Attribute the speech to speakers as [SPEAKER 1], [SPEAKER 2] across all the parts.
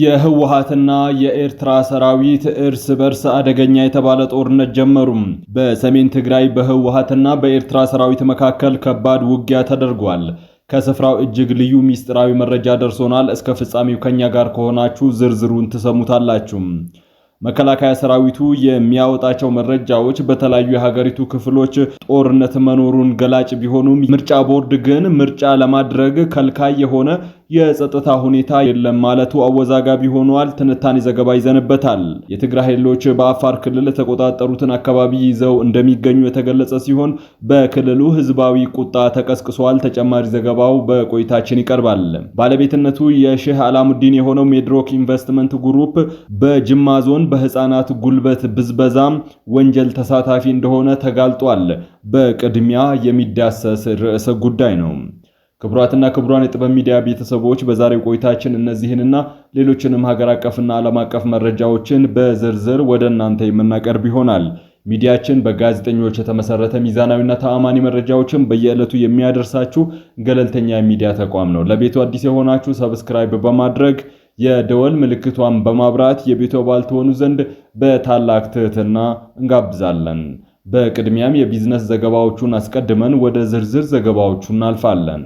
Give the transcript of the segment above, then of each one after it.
[SPEAKER 1] የህወሀትና የኤርትራ ሰራዊት እርስ በርስ አደገኛ የተባለ ጦርነት ጀመሩ። በሰሜን ትግራይ በህወሀትና በኤርትራ ሰራዊት መካከል ከባድ ውጊያ ተደርጓል። ከስፍራው እጅግ ልዩ ምስጢራዊ መረጃ ደርሶናል። እስከ ፍጻሜው ከኛ ጋር ከሆናችሁ ዝርዝሩን ትሰሙታላችሁ። መከላከያ ሰራዊቱ የሚያወጣቸው መረጃዎች በተለያዩ የሀገሪቱ ክፍሎች ጦርነት መኖሩን ገላጭ ቢሆኑም ምርጫ ቦርድ ግን ምርጫ ለማድረግ ከልካይ የሆነ የጸጥታ ሁኔታ የለም ማለቱ አወዛጋቢ ሆኗል። ትንታኔ ዘገባ ይዘንበታል። የትግራይ ኃይሎች በአፋር ክልል የተቆጣጠሩትን አካባቢ ይዘው እንደሚገኙ የተገለጸ ሲሆን በክልሉ ህዝባዊ ቁጣ ተቀስቅሷል። ተጨማሪ ዘገባው በቆይታችን ይቀርባል። ባለቤትነቱ የሼህ አላሙዲን የሆነው ሜድሮክ ኢንቨስትመንት ግሩፕ በጅማ ዞን በህፃናት ጉልበት ብዝበዛም ወንጀል ተሳታፊ እንደሆነ ተጋልጧል። በቅድሚያ የሚዳሰስ ርዕሰ ጉዳይ ነው። ክቡራትና ክቡራን የጥበብ ሚዲያ ቤተሰቦች በዛሬው ቆይታችን እነዚህንና ሌሎችንም ሀገር አቀፍና ዓለም አቀፍ መረጃዎችን በዝርዝር ወደ እናንተ የምናቀርብ ይሆናል። ሚዲያችን በጋዜጠኞች የተመሰረተ ሚዛናዊና ተአማኒ መረጃዎችን በየዕለቱ የሚያደርሳችሁ ገለልተኛ የሚዲያ ተቋም ነው። ለቤቱ አዲስ የሆናችሁ ሰብስክራይብ በማድረግ የደወል ምልክቷን በማብራት የቤቱ አባል ትሆኑ ዘንድ በታላቅ ትህትና እንጋብዛለን። በቅድሚያም የቢዝነስ ዘገባዎቹን አስቀድመን ወደ ዝርዝር ዘገባዎቹ እናልፋለን።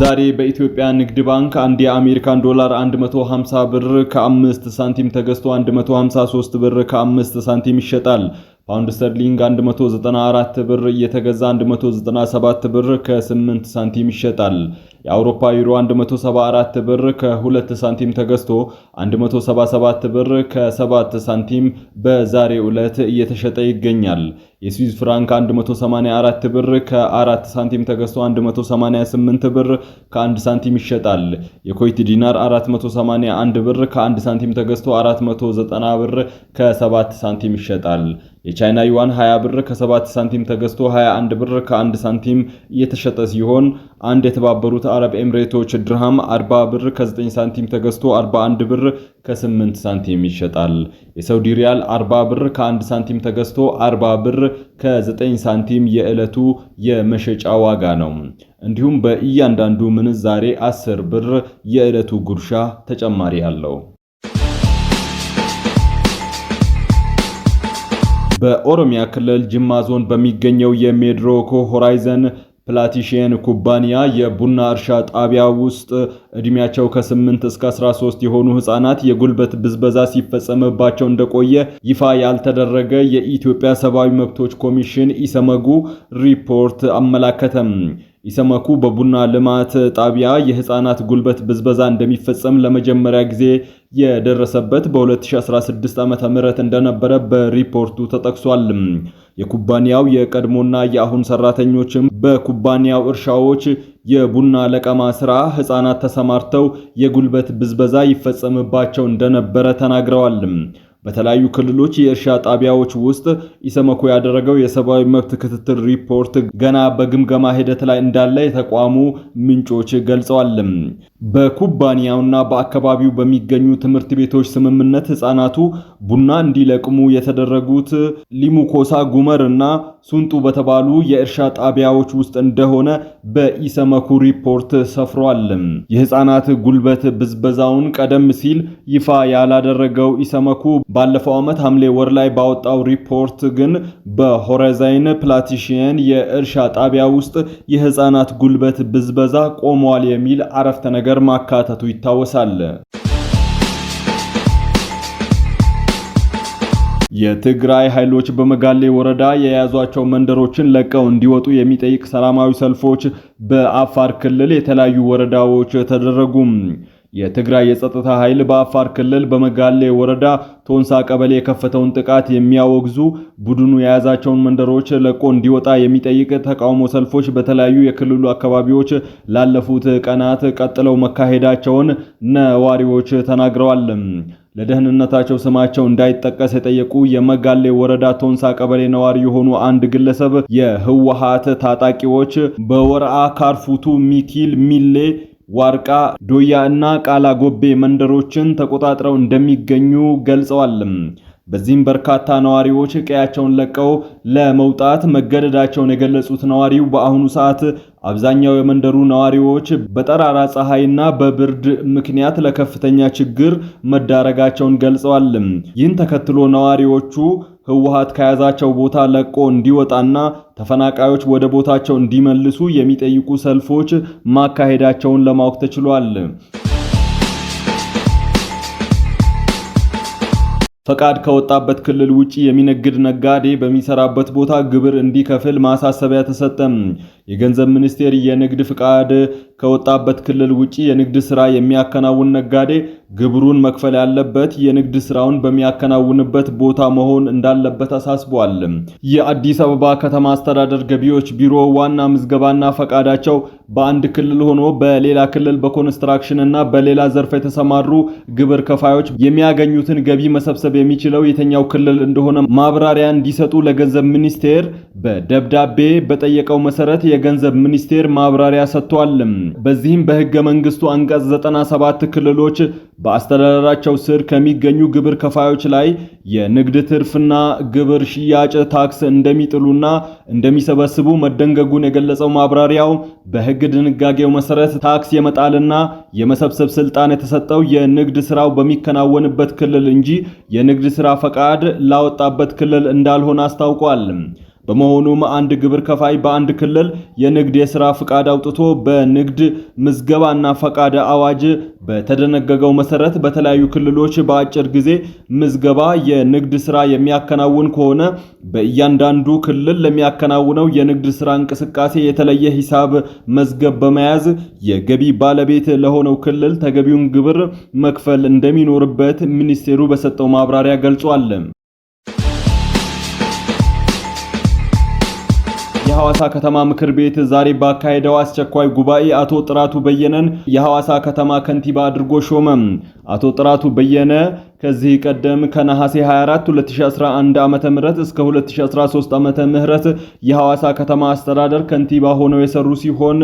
[SPEAKER 1] ዛሬ በኢትዮጵያ ንግድ ባንክ አንድ የአሜሪካን ዶላር 150 ብር ከ5 ሳንቲም ተገዝቶ 153 ብር ከ5 ሳንቲም ይሸጣል። ፓውንድ ስተርሊንግ 194 ብር እየተገዛ 197 ብር ከ8 ሳንቲም ይሸጣል። የአውሮፓ ዩሮ 174 ብር ከ2 ሳንቲም ተገዝቶ 177 ብር ከ7 ሳንቲም በዛሬ ዕለት እየተሸጠ ይገኛል። የስዊዝ ፍራንክ 184 ብር ከ4 ሳንቲም ተገዝቶ 188 ብር ከ1 ሳንቲም ይሸጣል። የኮይት ዲናር 481 ብር ከ1 ሳንቲም ተገዝቶ 490 ብር ከ7 ሳንቲም ይሸጣል። የቻይና ዩዋን 20 ብር ከ7 ሳንቲም ተገዝቶ 21 ብር ከ1 ሳንቲም እየተሸጠ ሲሆን አንድ የተባበሩት አረብ ኤምሬቶች ድርሃም 40 ብር ከ9 ሳንቲም ተገዝቶ 41 ብር ከ8 ሳንቲም ይሸጣል። የሳውዲ ሪያል 40 ብር ከ1 ሳንቲም ተገዝቶ 40 ብር ከ9 ሳንቲም የዕለቱ የመሸጫ ዋጋ ነው። እንዲሁም በእያንዳንዱ ምንዛሬ 10 ብር የዕለቱ ጉርሻ ተጨማሪ አለው። በኦሮሚያ ክልል ጅማ ዞን በሚገኘው የሜድሮኮ ሆራይዘን ፕላቲሽን ኩባንያ የቡና እርሻ ጣቢያ ውስጥ እድሜያቸው ከ8 እስከ 13 የሆኑ ህጻናት የጉልበት ብዝበዛ ሲፈጸምባቸው እንደቆየ ይፋ ያልተደረገ የኢትዮጵያ ሰብአዊ መብቶች ኮሚሽን ኢሰመጉ ሪፖርት አመላከተም። ኢሰመኩ በቡና ልማት ጣቢያ የህፃናት ጉልበት ብዝበዛ እንደሚፈጸም ለመጀመሪያ ጊዜ የደረሰበት በ2016 ዓ.ም እንደነበረ በሪፖርቱ ተጠቅሷል። የኩባንያው የቀድሞና የአሁን ሰራተኞችም በኩባንያው እርሻዎች የቡና ለቀማ ስራ ህፃናት ተሰማርተው የጉልበት ብዝበዛ ይፈጸምባቸው እንደነበረ ተናግረዋል። በተለያዩ ክልሎች የእርሻ ጣቢያዎች ውስጥ ኢሰመኮ ያደረገው የሰብአዊ መብት ክትትል ሪፖርት ገና በግምገማ ሂደት ላይ እንዳለ የተቋሙ ምንጮች ገልጸዋል። በኩባንያውና በአካባቢው በሚገኙ ትምህርት ቤቶች ስምምነት ህጻናቱ ቡና እንዲለቅሙ የተደረጉት ሊሙኮሳ ጉመር እና ሱንጡ በተባሉ የእርሻ ጣቢያዎች ውስጥ እንደሆነ በኢሰመኩ ሪፖርት ሰፍሯል። የህፃናት ጉልበት ብዝበዛውን ቀደም ሲል ይፋ ያላደረገው ኢሰመኩ ባለፈው ዓመት ሐምሌ ወር ላይ ባወጣው ሪፖርት ግን በሆረዛይን ፕላቲሽየን የእርሻ ጣቢያ ውስጥ የህፃናት ጉልበት ብዝበዛ ቆሟል የሚል አረፍተ ነገር ነገር ማካተቱ ይታወሳል። የትግራይ ኃይሎች በመጋሌ ወረዳ የያዟቸው መንደሮችን ለቀው እንዲወጡ የሚጠይቅ ሰላማዊ ሰልፎች በአፋር ክልል የተለያዩ ወረዳዎች ተደረጉ። የትግራይ የጸጥታ ኃይል በአፋር ክልል በመጋሌ ወረዳ ቶንሳ ቀበሌ የከፈተውን ጥቃት የሚያወግዙ ቡድኑ የያዛቸውን መንደሮች ለቆ እንዲወጣ የሚጠይቅ ተቃውሞ ሰልፎች በተለያዩ የክልሉ አካባቢዎች ላለፉት ቀናት ቀጥለው መካሄዳቸውን ነዋሪዎች ተናግረዋል። ለደህንነታቸው ስማቸው እንዳይጠቀስ የጠየቁ የመጋሌ ወረዳ ቶንሳ ቀበሌ ነዋሪ የሆኑ አንድ ግለሰብ የህወሓት ታጣቂዎች በወረአ ካርፉቱ ሚኪል ሚሌ ዋርቃ፣ ዶያ እና ቃላ ጎቤ መንደሮችን ተቆጣጥረው እንደሚገኙ ገልጸዋል። በዚህም በርካታ ነዋሪዎች ቀያቸውን ለቀው ለመውጣት መገደዳቸውን የገለጹት ነዋሪው በአሁኑ ሰዓት አብዛኛው የመንደሩ ነዋሪዎች በጠራራ ፀሐይና በብርድ ምክንያት ለከፍተኛ ችግር መዳረጋቸውን ገልጸዋል። ይህን ተከትሎ ነዋሪዎቹ ህወሓት ከያዛቸው ቦታ ለቆ እንዲወጣና ተፈናቃዮች ወደ ቦታቸው እንዲመልሱ የሚጠይቁ ሰልፎች ማካሄዳቸውን ለማወቅ ተችሏል። ፈቃድ ከወጣበት ክልል ውጪ የሚነግድ ነጋዴ በሚሰራበት ቦታ ግብር እንዲከፍል ማሳሰቢያ ተሰጠም። የገንዘብ ሚኒስቴር የንግድ ፍቃድ ከወጣበት ክልል ውጪ የንግድ ስራ የሚያከናውን ነጋዴ ግብሩን መክፈል ያለበት የንግድ ስራውን በሚያከናውንበት ቦታ መሆን እንዳለበት አሳስቧል። የአዲስ አበባ ከተማ አስተዳደር ገቢዎች ቢሮ ዋና ምዝገባና ፈቃዳቸው በአንድ ክልል ሆኖ በሌላ ክልል በኮንስትራክሽን እና በሌላ ዘርፍ የተሰማሩ ግብር ከፋዮች የሚያገኙትን ገቢ መሰብሰብ የሚችለው የተኛው ክልል እንደሆነ ማብራሪያ እንዲሰጡ ለገንዘብ ሚኒስቴር በደብዳቤ በጠየቀው መሰረት የገንዘብ ሚኒስቴር ማብራሪያ ሰጥቷል። በዚህም በህገ መንግስቱ አንቀጽ 97 ክልሎች በአስተዳደራቸው ስር ከሚገኙ ግብር ከፋዮች ላይ የንግድ ትርፍና ግብር ሽያጭ ታክስ እንደሚጥሉና እንደሚሰበስቡ መደንገጉን የገለጸው ማብራሪያው በህግ ድንጋጌው መሰረት ታክስ የመጣልና የመሰብሰብ ስልጣን የተሰጠው የንግድ ስራው በሚከናወንበት ክልል እንጂ የንግድ ስራ ፈቃድ ላወጣበት ክልል እንዳልሆነ አስታውቋል። በመሆኑም አንድ ግብር ከፋይ በአንድ ክልል የንግድ የሥራ ፈቃድ አውጥቶ በንግድ ምዝገባና ፈቃድ አዋጅ በተደነገገው መሰረት በተለያዩ ክልሎች በአጭር ጊዜ ምዝገባ የንግድ ሥራ የሚያከናውን ከሆነ በእያንዳንዱ ክልል ለሚያከናውነው የንግድ ሥራ እንቅስቃሴ የተለየ ሂሳብ መዝገብ በመያዝ የገቢ ባለቤት ለሆነው ክልል ተገቢውን ግብር መክፈል እንደሚኖርበት ሚኒስቴሩ በሰጠው ማብራሪያ ገልጿል። የሐዋሳ ከተማ ምክር ቤት ዛሬ ባካሄደው አስቸኳይ ጉባኤ አቶ ጥራቱ በየነን የሐዋሳ ከተማ ከንቲባ አድርጎ ሾመ። አቶ ጥራቱ በየነ ከዚህ ቀደም ከነሐሴ 24 2011 ዓመተ ምህረት እስከ 2013 ዓመተ ምህረት የሐዋሳ ከተማ አስተዳደር ከንቲባ ሆነው የሰሩ ሲሆን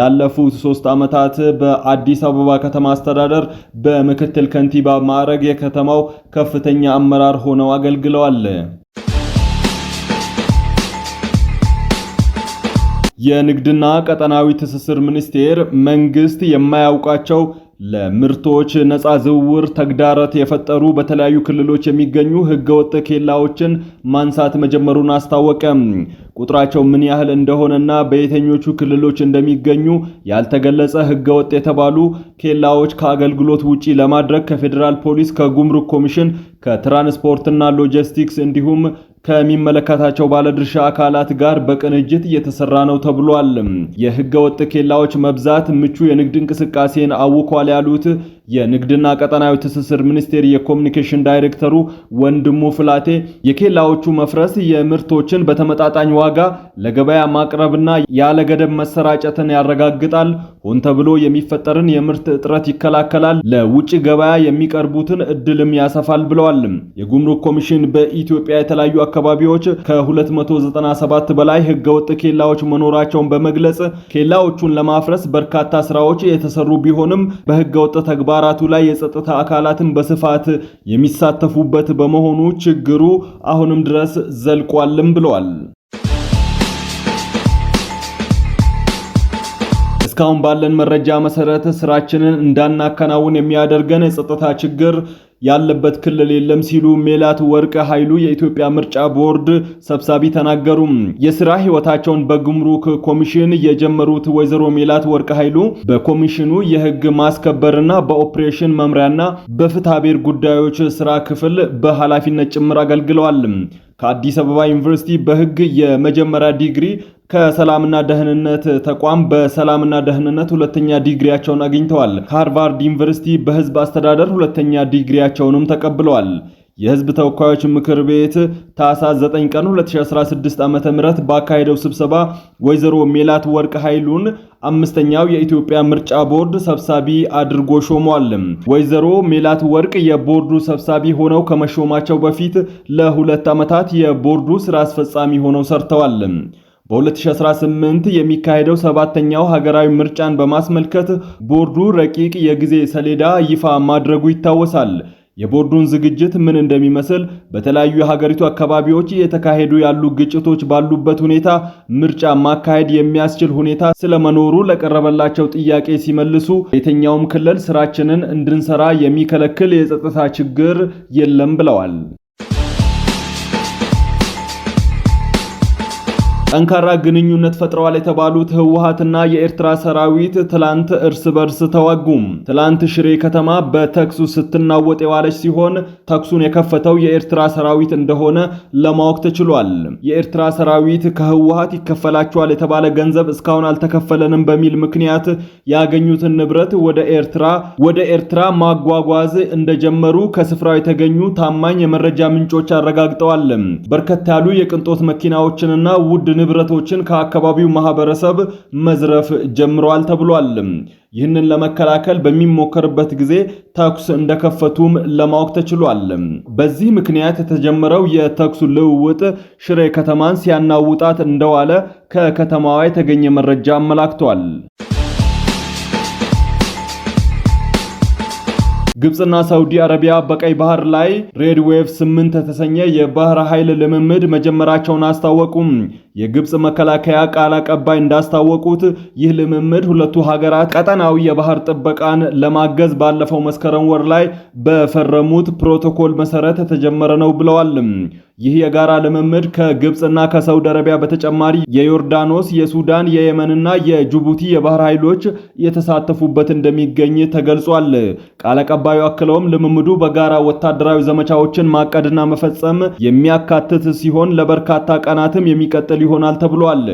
[SPEAKER 1] ላለፉት ሶስት ዓመታት በአዲስ አበባ ከተማ አስተዳደር በምክትል ከንቲባ ማዕረግ የከተማው ከፍተኛ አመራር ሆነው አገልግለዋል። የንግድና ቀጠናዊ ትስስር ሚኒስቴር መንግስት የማያውቃቸው ለምርቶች ነፃ ዝውውር ተግዳሮት የፈጠሩ በተለያዩ ክልሎች የሚገኙ ህገወጥ ኬላዎችን ማንሳት መጀመሩን አስታወቀም። ቁጥራቸው ምን ያህል እንደሆነና በየትኞቹ ክልሎች እንደሚገኙ ያልተገለጸ ህገወጥ የተባሉ ኬላዎች ከአገልግሎት ውጪ ለማድረግ ከፌዴራል ፖሊስ፣ ከጉምሩክ ኮሚሽን፣ ከትራንስፖርትና ሎጂስቲክስ እንዲሁም ከሚመለከታቸው ባለድርሻ አካላት ጋር በቅንጅት እየተሰራ ነው ተብሏል። የህገ ወጥ ኬላዎች መብዛት ምቹ የንግድ እንቅስቃሴን አውኳል ያሉት የንግድና ቀጠናዊ ትስስር ሚኒስቴር የኮሚኒኬሽን ዳይሬክተሩ ወንድሙ ፍላቴ የኬላዎቹ መፍረስ የምርቶችን በተመጣጣኝ ዋጋ ለገበያ ማቅረብና ያለገደብ መሰራጨትን ያረጋግጣል፣ ሆን ተብሎ የሚፈጠርን የምርት እጥረት ይከላከላል፣ ለውጭ ገበያ የሚቀርቡትን እድልም ያሰፋል ብለዋል። የጉምሩክ ኮሚሽን በኢትዮጵያ የተለያዩ አካባቢዎች ከ297 በላይ ህገወጥ ኬላዎች መኖራቸውን በመግለጽ ኬላዎቹን ለማፍረስ በርካታ ስራዎች የተሰሩ ቢሆንም በህገወጥ ተግባር ተግባራቱ ላይ የጸጥታ አካላትን በስፋት የሚሳተፉበት በመሆኑ ችግሩ አሁንም ድረስ ዘልቋልም ብለዋል። እስካሁን ባለን መረጃ መሰረት ስራችንን እንዳናከናውን የሚያደርገን የጸጥታ ችግር ያለበት ክልል የለም ሲሉ ሜላት ወርቅ ኃይሉ የኢትዮጵያ ምርጫ ቦርድ ሰብሳቢ ተናገሩ። የስራ ህይወታቸውን በጉምሩክ ኮሚሽን የጀመሩት ወይዘሮ ሜላት ወርቅ ኃይሉ በኮሚሽኑ የህግ ማስከበርና በኦፕሬሽን መምሪያና በፍትሐ ጉዳዮች ስራ ክፍል በኃላፊነት ጭምር አገልግለዋል። ከአዲስ አበባ ዩኒቨርሲቲ በህግ የመጀመሪያ ዲግሪ ከሰላምና ደህንነት ተቋም በሰላምና ደህንነት ሁለተኛ ዲግሪያቸውን አግኝተዋል። ከሃርቫርድ ዩኒቨርሲቲ በህዝብ አስተዳደር ሁለተኛ ዲግሪያቸውንም ተቀብለዋል። የህዝብ ተወካዮች ምክር ቤት ታህሳስ 9 ቀን 2016 ዓ ም ባካሄደው ስብሰባ ወይዘሮ ሜላት ወርቅ ኃይሉን አምስተኛው የኢትዮጵያ ምርጫ ቦርድ ሰብሳቢ አድርጎ ሾሟል። ወይዘሮ ሜላት ወርቅ የቦርዱ ሰብሳቢ ሆነው ከመሾማቸው በፊት ለሁለት ዓመታት የቦርዱ ስራ አስፈጻሚ ሆነው ሰርተዋል። በ2018 የሚካሄደው ሰባተኛው ሀገራዊ ምርጫን በማስመልከት ቦርዱ ረቂቅ የጊዜ ሰሌዳ ይፋ ማድረጉ ይታወሳል። የቦርዱን ዝግጅት ምን እንደሚመስል በተለያዩ የሀገሪቱ አካባቢዎች እየተካሄዱ ያሉ ግጭቶች ባሉበት ሁኔታ ምርጫ ማካሄድ የሚያስችል ሁኔታ ስለመኖሩ ለቀረበላቸው ጥያቄ ሲመልሱ የትኛውም ክልል ስራችንን እንድንሰራ የሚከለክል የጸጥታ ችግር የለም ብለዋል። ጠንካራ ግንኙነት ፈጥረዋል የተባሉት ህወሀትና የኤርትራ ሰራዊት ትላንት እርስ በርስ ተዋጉም። ትላንት ሽሬ ከተማ በተኩሱ ስትናወጥ የዋለች ሲሆን ተኩሱን የከፈተው የኤርትራ ሰራዊት እንደሆነ ለማወቅ ተችሏል። የኤርትራ ሰራዊት ከህወሀት ይከፈላቸዋል የተባለ ገንዘብ እስካሁን አልተከፈለንም በሚል ምክንያት ያገኙትን ንብረት ወደ ኤርትራ ወደ ኤርትራ ማጓጓዝ እንደጀመሩ ከስፍራው የተገኙ ታማኝ የመረጃ ምንጮች አረጋግጠዋል። በርከት ያሉ የቅንጦት መኪናዎችንና ውድ ንብረቶችን ከአካባቢው ማህበረሰብ መዝረፍ ጀምረዋል ተብሏል። ይህንን ለመከላከል በሚሞከርበት ጊዜ ተኩስ እንደከፈቱም ለማወቅ ተችሏል። በዚህ ምክንያት የተጀመረው የተኩሱ ልውውጥ ሽሬ ከተማን ሲያናውጣት እንደዋለ ከከተማዋ የተገኘ መረጃ አመላክቷል። ግብፅና ሳውዲ አረቢያ በቀይ ባህር ላይ ሬድ ዌቭ ስምንት የተሰኘ የባህር ኃይል ልምምድ መጀመራቸውን አስታወቁም። የግብፅ መከላከያ ቃል አቀባይ እንዳስታወቁት ይህ ልምምድ ሁለቱ ሀገራት ቀጠናዊ የባህር ጥበቃን ለማገዝ ባለፈው መስከረም ወር ላይ በፈረሙት ፕሮቶኮል መሰረት የተጀመረ ነው ብለዋል። ይህ የጋራ ልምምድ ከግብፅና ከሳውዲ አረቢያ በተጨማሪ የዮርዳኖስ፣ የሱዳን፣ የየመንና የጅቡቲ የባህር ኃይሎች የተሳተፉበት እንደሚገኝ ተገልጿል። ቃል አቀባዩ አክለውም ልምምዱ በጋራ ወታደራዊ ዘመቻዎችን ማቀድና መፈጸም የሚያካትት ሲሆን ለበርካታ ቀናትም የሚቀጥል ይሆናል ተብሏል።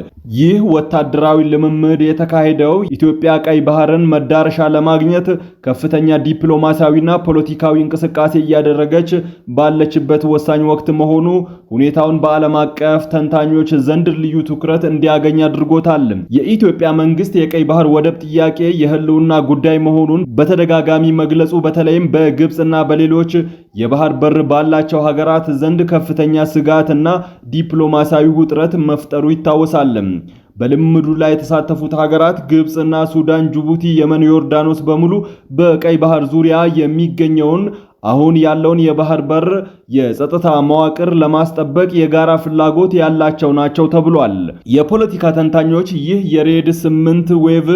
[SPEAKER 1] ይህ ወታደራዊ ልምምድ የተካሄደው ኢትዮጵያ ቀይ ባህርን መዳረሻ ለማግኘት ከፍተኛ ዲፕሎማሲያዊና ፖለቲካዊ እንቅስቃሴ እያደረገች ባለችበት ወሳኝ ወቅት መሆኑ ሁኔታውን በዓለም አቀፍ ተንታኞች ዘንድ ልዩ ትኩረት እንዲያገኝ አድርጎታል። የኢትዮጵያ መንግስት የቀይ ባህር ወደብ ጥያቄ የህልውና ጉዳይ መሆኑን በተደጋጋሚ መግለጹ በተለይም በግብፅና በሌሎች የባህር በር ባላቸው ሀገራት ዘንድ ከፍተኛ ስጋትና ዲፕሎማሲያዊ ውጥረት መፍጠሩ ይታወሳል። በልምዱ ላይ የተሳተፉት ሀገራት ግብፅና ሱዳን፣ ጅቡቲ፣ የመን፣ ዮርዳኖስ በሙሉ በቀይ ባህር ዙሪያ የሚገኘውን አሁን ያለውን የባህር በር የጸጥታ መዋቅር ለማስጠበቅ የጋራ ፍላጎት ያላቸው ናቸው ተብሏል። የፖለቲካ ተንታኞች ይህ የሬድ ስምንት ዌቭ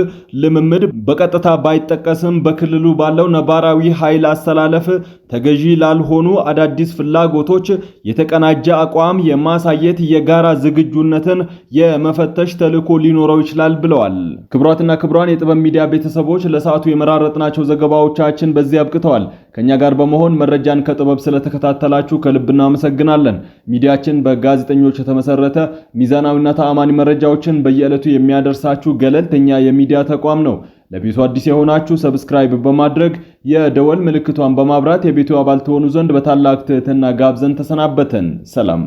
[SPEAKER 1] ልምምድ በቀጥታ ባይጠቀስም በክልሉ ባለው ነባራዊ ኃይል አሰላለፍ ተገዢ ላልሆኑ አዳዲስ ፍላጎቶች የተቀናጀ አቋም የማሳየት የጋራ ዝግጁነትን የመፈተሽ ተልዕኮ ሊኖረው ይችላል ብለዋል። ክቡራትና ክቡራን የጥበብ ሚዲያ ቤተሰቦች ለሰዓቱ የመራረጥናቸው ዘገባዎቻችን በዚህ አብቅተዋል። ከእኛ ጋር በመ በመሆን መረጃን ከጥበብ ስለተከታተላችሁ ከልብ እናመሰግናለን። ሚዲያችን በጋዜጠኞች የተመሰረተ ሚዛናዊና ተአማኒ መረጃዎችን በየዕለቱ የሚያደርሳችሁ ገለልተኛ የሚዲያ ተቋም ነው። ለቤቱ አዲስ የሆናችሁ ሰብስክራይብ በማድረግ የደወል ምልክቷን በማብራት የቤቱ አባል ትሆኑ ዘንድ በታላቅ ትህትና ጋብዘን ተሰናበተን። ሰላም